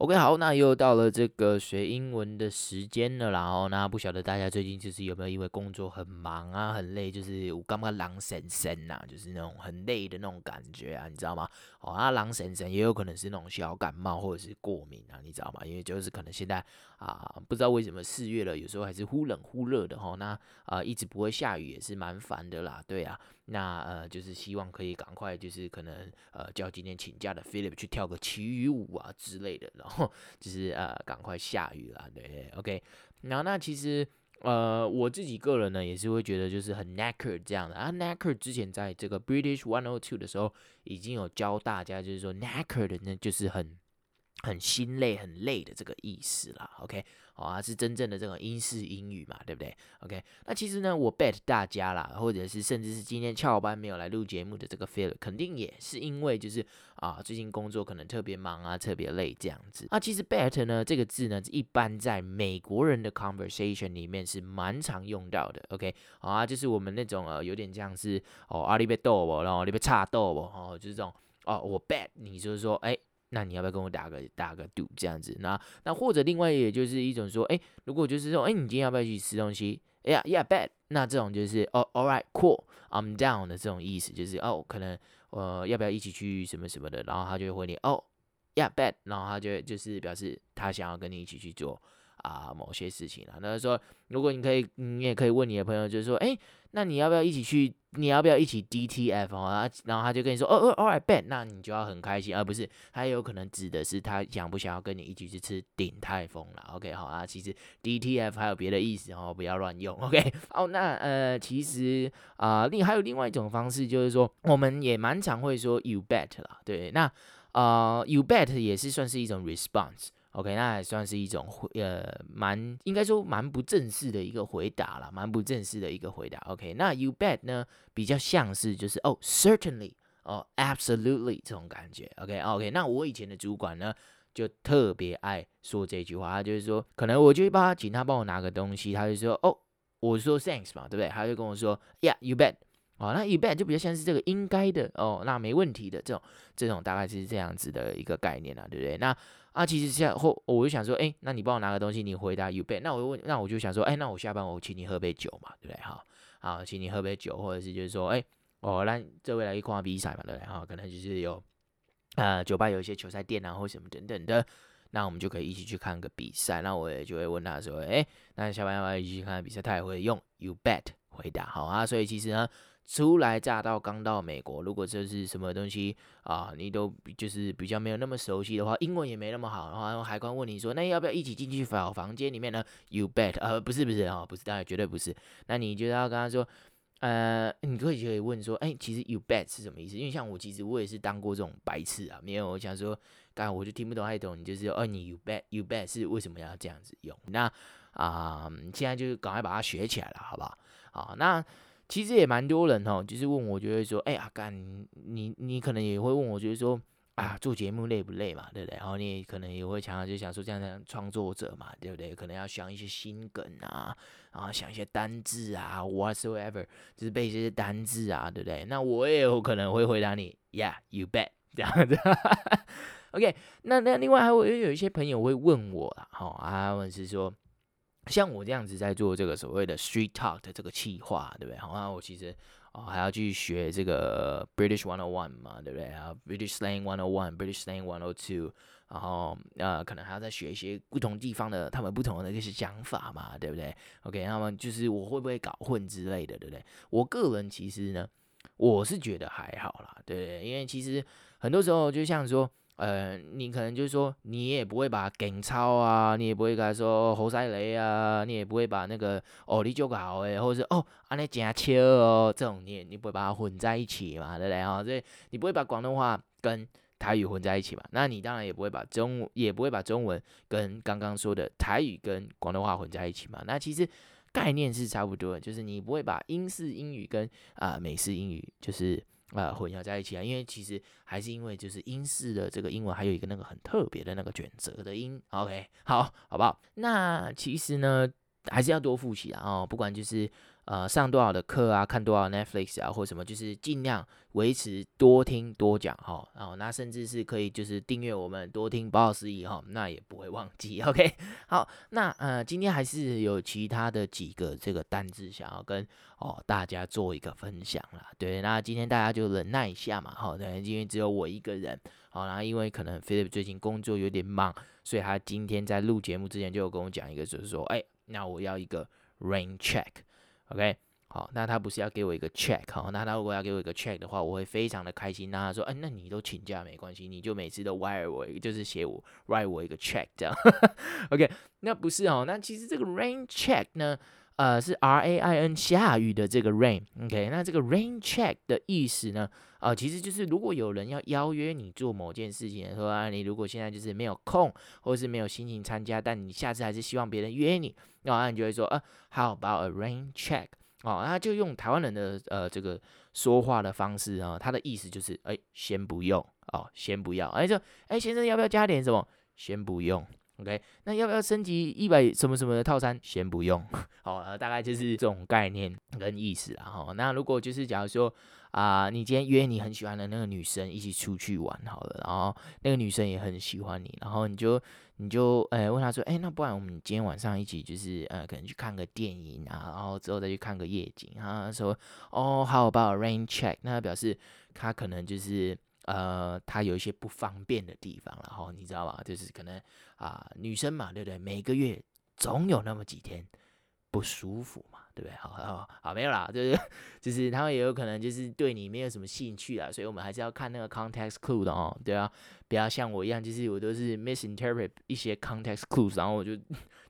OK，好，那又到了這個學英文的時間了啦、哦，然後那不曉得大家最近就是有沒有因為工作很忙啊，很累，就是我剛剛懶神神吶，就是那種很累的那種感覺啊，你知道嗎？哦啊，懶神神也有可能是那種小感冒或者是過敏啊，你知道嗎？因為就是可能現在啊、呃，不知道為什麼四月了，有時候還是忽冷忽熱的哈，那啊、呃、一直不會下雨也是蠻煩的啦，對啊。那呃，就是希望可以趕快，就是可能呃，叫今天請假的 Philip 去跳個祈雨舞啊之類的，然後就是呃，趕快下雨啦，對,對，OK。然後那其實呃，我自己個人呢，也是會覺得就是很 nackered 這樣的啊，nackered 之前在這個 British 102的時候已經有教大家，就是說 nackered 呢，就是很很心累、很累的這個意思啦。OK。哦、啊，是真正的這種英式英語嘛，對不對？OK，那其實呢，我 bet 大家啦，或者是甚至是今天翹班沒有來錄節目的這個 Phil，肯定也是因為就是啊，最近工作可能特別忙啊，特別累這樣子。啊，其實 bet 呢這個字呢，一般在美國人的 conversation 裡面是蠻常用到的。OK，啊，就是我們那種呃，有點像是哦，阿里貝豆哦，然後里貝叉豆哦，哦，就是這種哦，我 bet 你就是說哎。欸那你要不要跟我打個打個賭這樣子？那那或者另外也就是一種說，哎、欸，如果就是說，哎、欸，你今天要不要去吃東西？哎、yeah, 呀，Yeah, bet。那這種就是哦、oh,，All right, cool, I'm down 的這種意思，就是哦，oh, 可能呃要不要一起去什麼什麼的？然後他就會回你哦、oh,，Yeah, bet。然後他就就是表示他想要跟你一起去做。啊，某些事情啊，那說如果你可以、嗯，你也可以問你的朋友，就是說，誒、欸，那你要不要一起去？你要不要一起 DTF、哦、啊？然後他就跟你說，哦哦、 oh, oh,，Alright, bet，那你就要很開心，而、啊、不是還有可能指的是他想不想要跟你一起去吃鼎泰豐了。OK，好啊，其實 DTF 還有別的意思哦，不要亂用。OK，哦，那呃，其實啊、呃，另還有另外一種方式，就是說我們也蠻常會說 You bet 啦。對，那啊、呃、，You bet 也是算是一種 response。OK，那也算是一種回呃蠻應該說蠻不正式的一個回答啦。蠻不正式的一個回答。OK，那 You bet 呢，比較像是就是哦、oh,，Certainly，哦、oh,，Absolutely 這種感覺。OK，OK，、okay, okay, 那我以前的主管呢，就特別愛說這句話，就是說，可能我就會幫他，請他幫我拿個東西，他就說哦，我說 Thanks 嘛，對不對？他就跟我說呀、yeah,，You bet，哦，那 You bet 就比較像是這個應該的哦，那沒問題的這種這種大概是這樣子的一個概念啦、啊，對不對？那。啊，其實下後我就想說，誒、欸，那你幫我拿個東西，你回答 you bet。那我就問，那我就想說，誒、欸，那我下班我請你喝杯酒嘛，對不對？好，好，請你喝杯酒，或者是就是說，誒、欸，我那這未來去逛比賽嘛，對不對？哈，可能就是有啊、呃，酒吧有一些球賽店啊，或什麼等等的，那我們就可以一起去看個比賽。那我也就會問他說，誒、欸，那下班要不要一起去看比賽？他也會用 you bet 回答，好啊。所以其實呢。初來乍到，剛到美國，如果這是什麼東西啊、呃，你都就是比較沒有那麼熟悉的話，英文也沒那麼好的話，然後海關問你說，那要不要一起進去房房間裡面呢？You bet！呃，不是不是啊、哦，不是，當然絕對不是。那你就要跟他說，呃，你可以可以問說，哎，其實 You bet 是什麼意思？因為像我，其實我也是當過這種白痴啊，沒有，我想說，剛才我就聽不懂，還懂你就是，哦、呃，你 You bet，You bet 是為什麼要這樣子用？那啊、呃，你現在就趕快把它學起來了，好不好？好，那。其實也蠻多人吼，就是問我，就會說，哎呀，幹，你你可能也會問我，覺得說，啊，做節目累不累嘛，對不對？然後你也可能也會想，就想說這，這樣這樣創作者嘛，對不對？可能要想一些新梗啊，啊，想一些單字啊，whatsoever，就是背一些單字啊，對不對？那我也有可能會回答你，Yeah，you bet，這樣子。 OK，那那另外還會有，有一些朋友會問我啊吼，啊，問是說。像我這樣子在做這個所謂的 street talk 的這個企劃，對不對？好，那我其實哦，還要去學這個 British one o one 嘛，對不對？啊，British slang one o one，British slang one o two，然後呃可能還要再學一些不同地方的他們不同的那些講法嘛，對不對？OK，那麼就是我會不會搞混之類的，對不對？我個人其實呢，我是覺得還好啦，對不對？因為其實很多時候就像說。呃，你可能就是說，你也不會把梗超啊，你也不會跟他說猴賽雷啊，你也不會把那個哦，你就搞哎，或者是哦，安尼假笑哦，這種你你不會把它混在一起嘛，對不對、哦？啊，所以你不會把廣東話跟台語混在一起嘛？那你當然也不會把中也不會把中文跟剛剛說的台語跟廣東話混在一起嘛？那其實概念是差不多的，就是你不會把英式英語跟啊、呃、美式英語就是。啊，混淆在一起啊，因為其實還是因為就是英式的這個英文還有一個那個很特別的那個卷舌的音，OK，好，好不好？那其實呢，還是要多復習啊，哦，不管就是。呃，上多少的課啊？看多少 Netflix 啊？或什麼，就是盡量維持多聽多講哈。然後那甚至是可以就是訂閱我們多聽 boss 以後，那也不會忘記。OK，好，那呃，今天還是有其他的幾個這個單字想要跟哦大家做一個分享啦。對，那今天大家就忍耐一下嘛，哈，因為只有我一個人。好，那因為可能 Philip 最近工作有點忙，所以他今天在錄節目之前就有跟我講一個，就是說，哎、欸，那我要一個 rain check。OK，好，那他不是要給我一個 check，好，那他如果要給我一個 check 的話，我會非常的開心。那他說，嗯、欸，那你都請假沒關係，你就每次都 wire 我，就是寫我 write 我一個 check 這樣呵呵。OK，那不是哦，那其實這個 rain check 呢，呃，是 R A I N 下雨的這個 rain。OK，那這個 rain check 的意思呢？啊、呃，其實就是如果有人要邀約你做某件事情，說啊，你如果現在就是沒有空，或是沒有心情參加，但你下次還是希望別人約你，那、哦啊、你就會說啊，How about a rain check？哦，那、啊、就用台灣人的呃這個說話的方式啊，他、哦、的意思就是，哎、欸，先不用哦，先不要，哎、欸，就哎、欸，先生要不要加點什麼？先不用，OK？那要不要升級一百什麼什麼的套餐？先不用，好、哦呃，大概就是這種概念跟意思啊。哈、哦，那如果就是假如說。啊、呃，你今天約你很喜歡的那個女生一起出去玩好了，然後那個女生也很喜歡你，然後你就你就誒、欸、問她說，哎、欸，那不然我們今天晚上一起就是呃，可能去看個電影啊，然後之後再去看個夜景啊。她說，哦，how about rain check？那她表示她可能就是呃，她有一些不方便的地方，然後你知道吧，就是可能啊、呃，女生嘛，對不對，對？每個月總有那麼幾天不舒服。對不對？好好好，沒有啦，就是就是，他們也有可能就是對你沒有什麼興趣啦，所以我們還是要看那個 context clue 的哦，對啊，不要像我一樣，就是我都是 misinterpret 一些 context clues，然後我就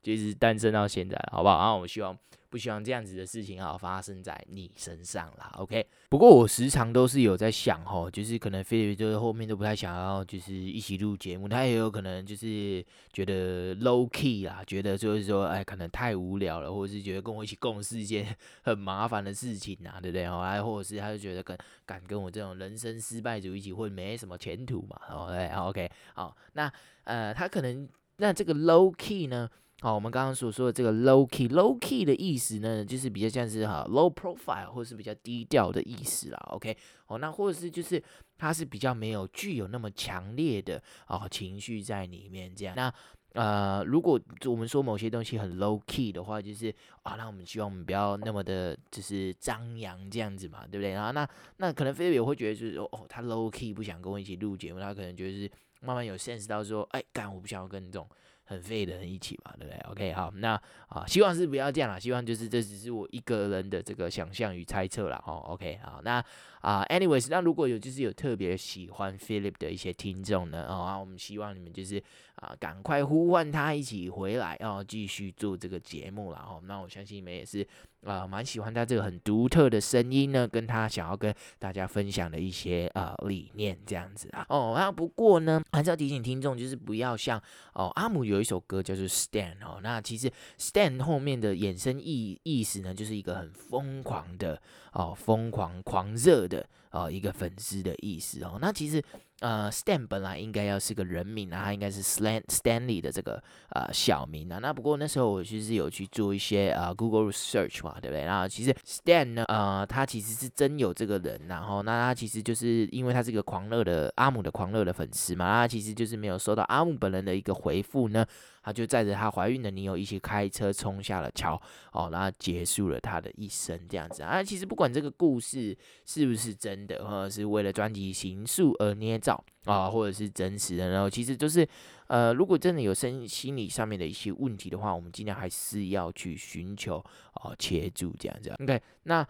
就一直單身到現在，好不好？然後我們希望。不希望這樣子的事情啊，發生在你身上啦。OK，不過我時常都是有在想哦，就是可能 Philip 就是後面都不太想要，就是一起錄節目，他也有可能就是覺得 low key 啦，覺得就是說，哎，可能太無聊了，或者是覺得跟我一起共事一件很麻煩的事情啊，對不對？哦，哎，或者是他就覺得跟敢跟我這種人生失敗者一起，混沒什麼前途嘛。哦，哎，OK，好，那呃，他可能那這個 low key 呢？好、哦，我們剛剛所說的這個 low key，low key 的意思呢，就是比較像是哈、uh, low profile 或者是比較低調的意思啦。OK，哦，那或者是就是它是比較沒有具有那麼強烈的啊、哦、情緒在裡面，這樣。那呃，如果我們說某些東西很 low key 的話，就是啊、哦，那我們希望我們不要那麼的就是張揚這樣子嘛，對不對？然後那那可能 Philip 也會覺得就是哦，他 low key 不想跟我一起錄節目，他可能覺得是慢慢有 sense 到說，哎，幹，我不想要跟這種。很費的人一起嘛，對不對？OK，好，那啊，希望是不要這樣啦，希望就是這只是我一個人的這個想象與猜測啦。哦。OK，好，那啊，anyways，那如果有就是有特別喜歡 Philip 的一些聽眾呢，哦，啊，我們希望你們就是啊，趕快呼喚他一起回來哦，繼續做這個節目啦。哦。那我相信你們也是。啊，蠻、呃、喜歡他這個很獨特的聲音呢，跟他想要跟大家分享的一些呃理念這樣子啊。哦，那不過呢，還是要提醒聽眾，就是不要像哦，阿姆有一首歌叫做 Stan 哦。那其實 Stan 後面的衍生意意思呢，就是一個很瘋狂的哦，瘋狂狂熱的哦一個粉絲的意思哦。那其實。呃，Stan 本來應該要是個人名啊，然後他應該是 Stan Stanley 的這個呃小名啊。那不過那時候我其實有去做一些呃 Google search 嘛，對不對？然後其實 Stan 呢，呃，他其實是真有這個人，然後那他其實就是因為他是個狂熱的阿姆的狂熱的粉絲嘛，他其實就是沒有收到阿姆本人的一個回復呢。他就載着他懷孕的女友一起開車衝下了橋，哦，然後結束了他的一生，這樣子啊。其實不管這個故事是不是真的，或者是為了專輯行數而捏造啊，或者是真實的，然後其實就是，呃，如果真的有身心理上面的一些問題的話，我們盡量還是要去尋求哦協助這樣子啊。OK，那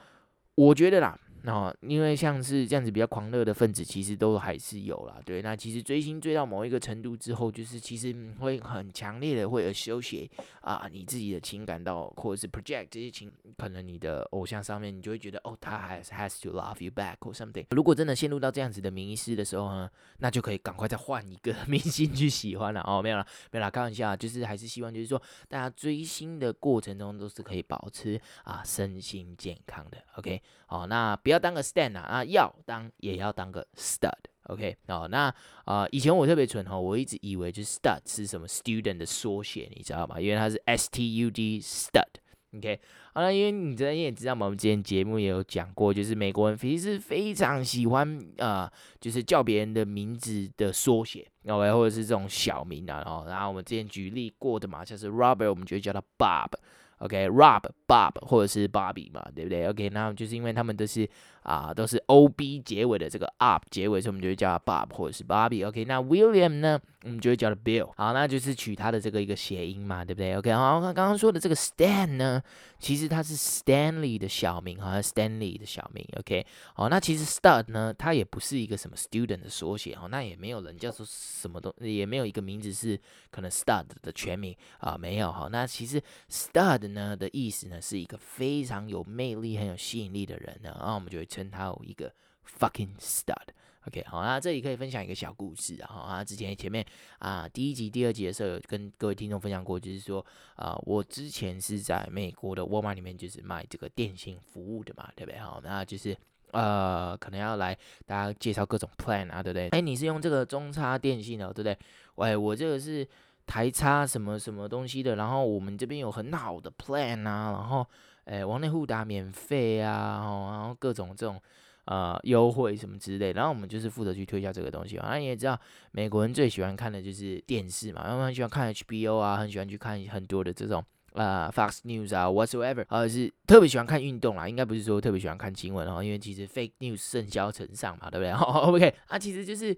我覺得啦。那、哦、因為像是這樣子比較狂熱的分子，其實都還是有啦。對，那其實追星追到某一個程度之後，就是其實會很強烈的會 associate 啊，你自己的情感到或者是 project 這些情，可能你的偶像上面，你就會覺得哦，他 has has to love you back or something。如果真的陷入到這樣子的迷思的時候呢，那就可以趕快再換一個明星去喜歡了哦。沒有啦，沒有啦，開玩笑，就是還是希望就是說，大家追星的過程中都是可以保持啊身心健康的。OK，好、哦，那。要當個 Stan 啊啊，要當也要當個、啊啊、個 stud，OK、okay? 哦。那啊、呃，以前我特別蠢哈，我一直以為就是 stud 是什麼 student 的縮寫，你知道嗎？因為它是 S T U D stud，OK、okay? 啊、哦。那因為你你也知道嘛，我們之前節目也有講過，就是美國人其實非常喜歡啊、呃，就是叫別人的名字的縮寫，OK，或者是這種小名啊。然、哦、後我們之前舉例過的嘛，像是 Robert，我們就會叫他 Bob。OK，Rob，Bob，、okay, 或者是 Bobby 嘛，對不對？OK，那就是因為他們都是啊、呃，都是 OB 結尾的這個 UP 結尾，所以我們就會叫 Bob 或者是 Bobby。OK，那 William 呢，我們就會叫他 Bill。好，那就是取他的這個一個諧音嘛，對不對？OK，好，那剛剛說的這個 Stan 呢，其實他是 Stanley 的小名，好像 Stanley 的小名。OK，好，那其實 Stud 呢，他也不是一個什麼 Student 的縮寫哦，那也沒有人叫說什麼東，也沒有一個名字是可能 Stud 的全名啊，沒有哈。那其實 Stud。呢的意思呢，是一個非常有魅力、很有吸引力的人呢，然後我們就會稱他為一個 fucking stud。OK，好，那這裡可以分享一個小故事啊，啊，之前前面啊、呃、第一集、第二集的時候，有跟各位聽眾分享過，就是說啊、呃，我之前是在美國的沃爾瑪裡面，就是賣這個電信服務的嘛，對不對？哈，那就是呃，可能要來大家介紹各種 plan 啊，對不對？哎、欸，你是用這個中插電信的，對不對？喂、欸，我這個是。台差什麼什麼東西的，然後我們這邊有很好的 plan 啊，然後，誒，網內互打免費啊、哦，然後各種這種，呃，優惠什麼之類的，然後我們就是負責去推銷這個東西。反正你也知道，美國人最喜歡看的就是電視嘛，他、嗯、們很喜歡看 HBO 啊，很喜歡去看很多的這種，呃，Fox News 啊，whatsoever，呃、啊，是特別喜歡看運動啦，應該不是說特別喜歡看新聞，哦，因為其實 fake news 甚囂塵上嘛，對不對、哦、？OK，啊，其實就是。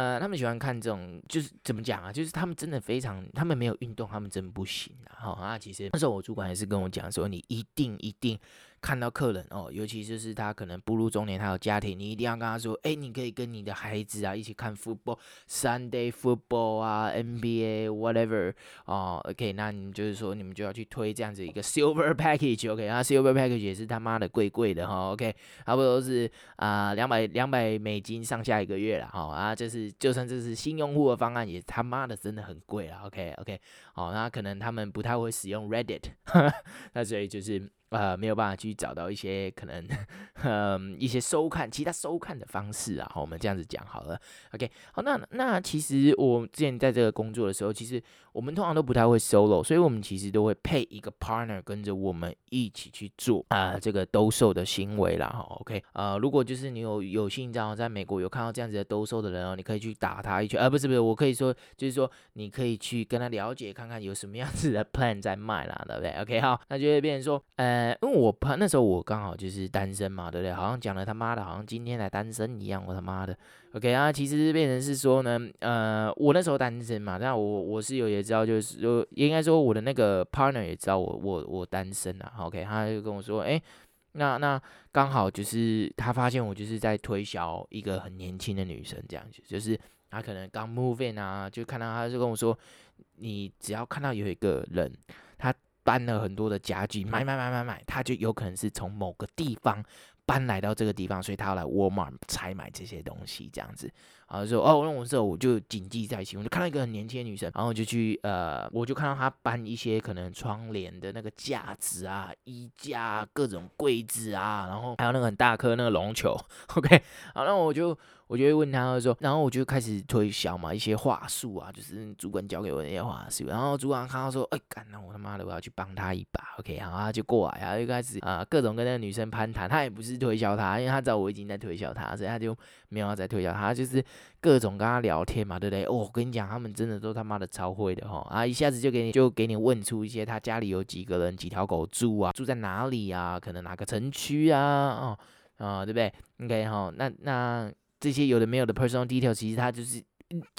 呃，他們喜歡看這種，就是怎麼講啊？就是他們真的非常，他們沒有運動，他們真不行啊！好、哦、啊，其實那時候我主管還是跟我講說，你一定一定。看到客人哦，尤其就是他可能步入中年，他有家庭，你一定要跟他說，誒、欸，你可以跟你的孩子啊一起看 football，Sunday football 啊，NBA whatever 哦，OK，那你們就是說你們就要去推這樣子一個 Silver package，OK，、okay, 啊，Silver package 也是他媽的貴貴的哈、哦、，OK，差不多是啊兩百兩百美金上下一個月了哈、哦，啊，就是就算這是新用戶的方案也他媽的真的很貴了，OK OK，好、哦，那可能他們不太會使用 Reddit，哈哈，那所以就是。呃，沒有辦法去找到一些可能，嗯，一些收看其他收看的方式啊，好，我們這樣子講好了，OK，好，那那其實我之前在這個工作的時候，其實。我們通常都不太會 solo，所以我們其實都會配一個 partner 跟着我們一起去做啊、呃、這個兜售的行為啦好、okay, k 呃，如果就是你有有幸這樣在美國有看到這樣子的兜售的人哦，你可以去打他一拳，呃，不是不是，我可以說就是說你可以去跟他了解看看有什麼樣子的 plan 在賣啦，對不對？OK 哈，那就會變成說，呃，因、嗯、為我那時候我剛好就是單身嘛，對不對？好像講了他媽的，好像今天才單身一樣，我他媽的。OK 啊，其實變成是說呢，呃，我那時候單身嘛，那我我室友也知道，就是就應該說我的那個 partner 也知道我我我單身啊。OK，他就跟我說，誒、欸，那那剛好就是他發現我就是在推銷一個很年輕的女生這樣子，就是他可能剛 move in 啊，就看到他就跟我說，你只要看到有一個人他搬了很多的家具，買買買買買，他就有可能是從某個地方。搬來到這個地方，所以他要來 Walmart 採買這些東西，這樣子，然後就說，哦，那我時候我就謹記在心，我就看到一個很年輕的女生，然後就去，呃，我就看到她搬一些可能窗簾的那個架子啊、衣架、啊、各種櫃子啊，然後還有那個很大顆那個絨球，OK，好，然後我就我就會問她的時候，然後我就開始推銷嘛，一些話術啊，就是主管教給我的一些話術，然後主管看到說，哎、欸，幹，那我他媽的我要去幫她一把，OK，好，然後就過來，然後就開始啊、呃，各種跟那個女生攀談，他也不是。推銷他，因為他知道我已經在推銷他，所以他就沒有再推銷他，他就是各種跟他聊天嘛，對不對？哦，我跟你講，他們真的都他媽的超會的哈、哦，啊，一下子就給你就給你問出一些他家裡有幾個人、幾條狗住啊，住在哪裡啊，可能哪個城區啊，哦，啊、哦，對不對？OK 哈、哦，那那這些有的沒有的 personal details，其實他就是。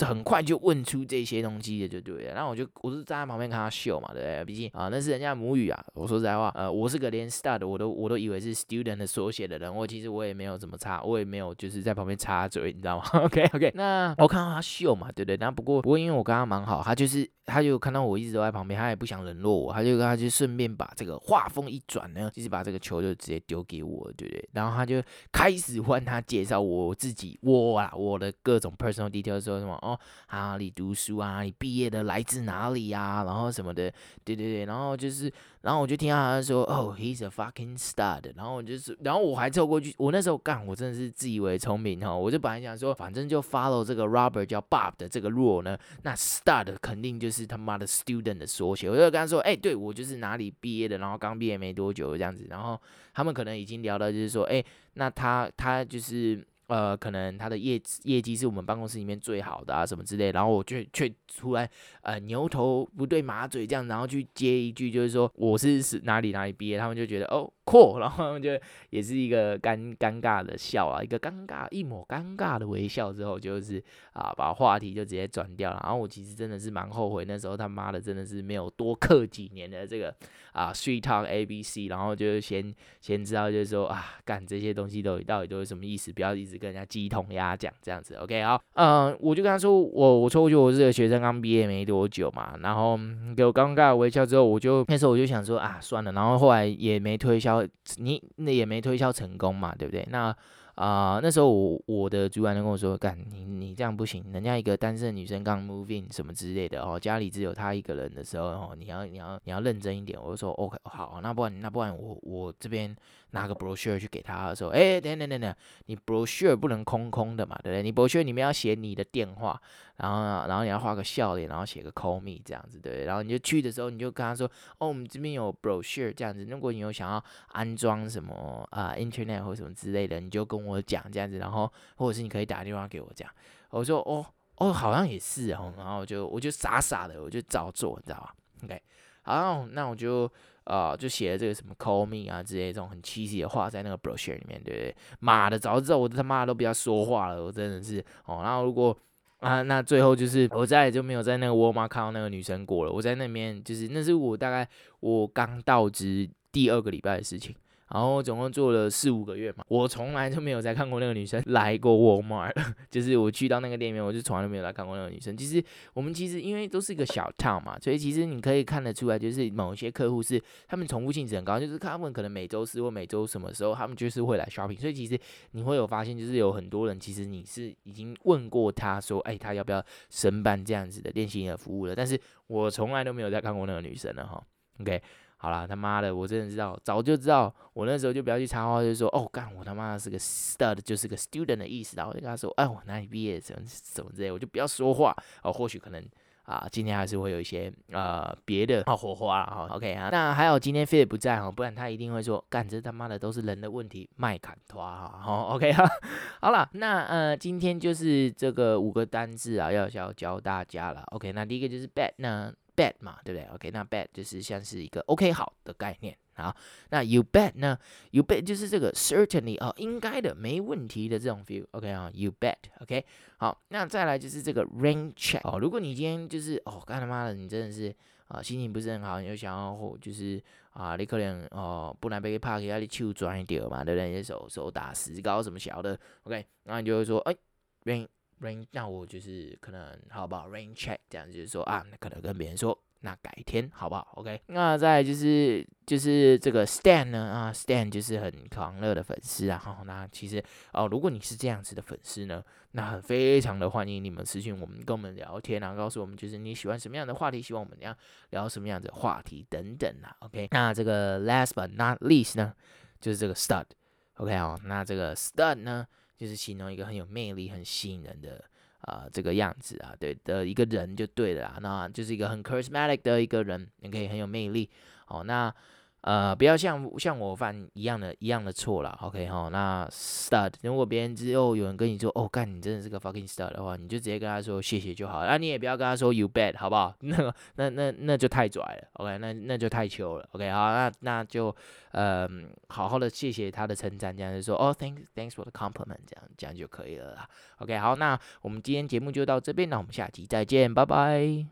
很快就問出這些東西的，就對了。然後我就我就站在旁邊看他秀嘛，對不對？畢竟啊、呃，那是人家母語啊。我說實在話，呃，我是個連 stud 我都我都以為是 student 的縮寫的人，我其實我也沒有怎麼插，我也沒有就是在旁邊插嘴，你知道嗎？OK OK，那我看到他秀嘛，對不對，對？那不過不過因為我跟他蠻好，他就是他就看到我一直都在旁邊，他也不想冷落我，他就跟他就順便把這個話鋒一轉呢，就是把這個球就直接丟給我，對不對，對？然後他就開始換他介紹我自己，我啊我的各種 personal detail 的時候，什麼哦？哪裡讀書啊？你畢業的來自哪裡呀、啊？然後什麼的？對對對。然後就是，然後我就聽到他說：“哦，oh，he's a fucking stud。”然後我就是，然後我還湊過去。我那時候幹，我真的是自以為聰明哈。我就本來想說，反正就 follow 這個 Robert 叫 Bob 的這個 rule 呢。那 stud 肯定就是他媽的 student 的縮寫。我就跟他說：“哎，對我就是哪裡畢業的，然後剛畢業沒多久這樣子。”然後他們可能已經聊到就是說：“哎，那他他就是。”呃，可能他的業業績是我們辦公室裡面最好的啊，什麼之類的。然後我卻卻突然呃牛頭不對馬嘴這樣，然後去接一句，就是說我是是哪裡哪裡畢業，他們就覺得哦闊，cool, 然後他們就也是一個尷尷尬的笑啊，一個尷尬一抹尷尬的微笑之後，就是啊把話題就直接轉掉了。然後我其實真的是蠻後悔那時候他媽的真的是沒有多刻幾年的這個啊 Street Talk ABC，然後就先先知道就是說啊幹這些東西到底到底都是什麼意思，不要一直。跟人家雞同鴨講這樣子，OK，好，嗯、呃，我就跟他說，我我說，我覺得我是個學生，剛畢業沒多久嘛，然後給我尷尬微笑之後，我就那時候我就想說啊，算了，然後後來也沒推銷，你那也沒推銷成功嘛，對不對？那啊、呃，那時候我我的主管就跟我說，幹，你你這樣不行，人家一個單身女生剛 move in 什麼之類的，哦，家裡只有她一個人的時候，哦，你要你要你要認真一點，我就說 OK，好，那不然那不然我我這邊。拿個 brochure 去給他的時候，說，誒，等等等等，你 brochure 不能空空的嘛，對不對？你 brochure 裡面要寫你的電話，然後，然後你要畫個笑臉，然後寫個 call me 這樣子，對不對？然後你就去的時候，你就跟他說，哦，我們這邊有 brochure 這樣子，如果你有想要安裝什麼啊、呃、internet 或什麼之類的，你就跟我講這樣子，然後或者是你可以打電話給我這樣。我說，哦，哦，好像也是哦，然後我就我就傻傻的，我就照做，你知道吧？OK。哦，oh, 那我就啊、呃，就寫了這個什麼 “call me” 啊，之類的這種很 cheesy 的話在那個 brochure、er、裡面，對不對？媽的，早知道我他媽都不要說話了，我真的是哦。然後如果啊，那最後就是我再也就沒有在那個沃爾瑪看到那個女生過了，我在那邊就是，那是我大概我剛到職第二個禮拜的事情。然後總共做了四五個月嘛，我從來都沒有再看過那個女生來過 Walmart。就是我去到那個店面，我就從來都沒有來看過那個女生。其實我們其實因為都是一個小 town 嘛，所以其實你可以看得出來，就是某一些客戶是他們重複性質很高，就是他們可能每週四或每週什麼時候，他們就是會來 shopping。所以其實你會有發現，就是有很多人其實你是已經問過他說，哎，他要不要申辦這樣子的電信服務了。但是我從來都沒有再看過那個女生了哈。OK。好了，他媽的，我真的知道，早就知道，我那時候就不要去插話，就說哦，幹，我他媽的是個 stud，就是個 student 的意思。然後我就跟他說，哎，我哪裡畢業什麼什麼之類，我就不要說話哦，或許可能啊、呃，今天還是會有一些呃別的、哦、火花。好 OK 啊，那還好今天 Philip 不在哈，不然他一定會說，幹，這他媽的都是人的問題，麥砍他哈，好，OK 啊，好了，那呃，今天就是這個五個單字啊，要教教大家了，OK，那第一個就是 bet 呢。Bet 嘛，對不對？OK，那 Bet 就是像是一個 OK 好的概念好。那 You bet 呢？You bet 就是這個 Certainly 哦、呃，應該的，沒問題的這種 feel、okay，哦。OK 啊，You bet。OK，好，那再來就是這個 Rain Check 哦。如果你今天就是哦，幹他媽的，你真的是啊、呃，心情不是很好，你就想要、哦、就是啊、呃，你可能哦，不然被他怕，給他手撞一點嘛，對不對？你手手打石膏什麼小的。OK，那你就會說誒 Rain Rain，那我就是可能，好不好？Rain check，這樣子就是說啊，那可能跟別人說，那改天好不好？OK，那再就是就是這個 St、啊、Stan 呢啊，Stan 就是很狂熱的粉絲啊。然、哦、後那其實哦，如果你是這樣子的粉絲呢，那很非常的歡迎你們私訊我們，跟我們聊天、啊，然後告訴我們就是你喜歡什麼樣的話題，希望我們聊什麼樣的話題等等啊。OK，那這個 Last but not least 呢，就是這個 Stud。OK 哦，那這個 Stud 呢？就是形容一個很有魅力、很吸引人的啊、呃，這個樣子啊，對的一個人就對了啊。那就是一個很 charismatic 的一個人，你可以很有魅力。好，那。呃，不要像像我犯一樣的一樣的錯了，OK 好，那 stud 如果別人之後有人跟你說，哦幹，你真的是個 fucking stud 的話，你就直接跟他說謝謝就好那，啊、你也不要跟他說 you bet，好不好？那那那那就太拽了，OK？那那就太糗了，OK？好，那那就嗯，呃，好好的謝謝他的稱讚，這樣就說，哦，thanks thanks for the compliment，這樣這樣就可以了啦。OK，好，那我們今天節目就到這邊，那我們下期再見，拜拜。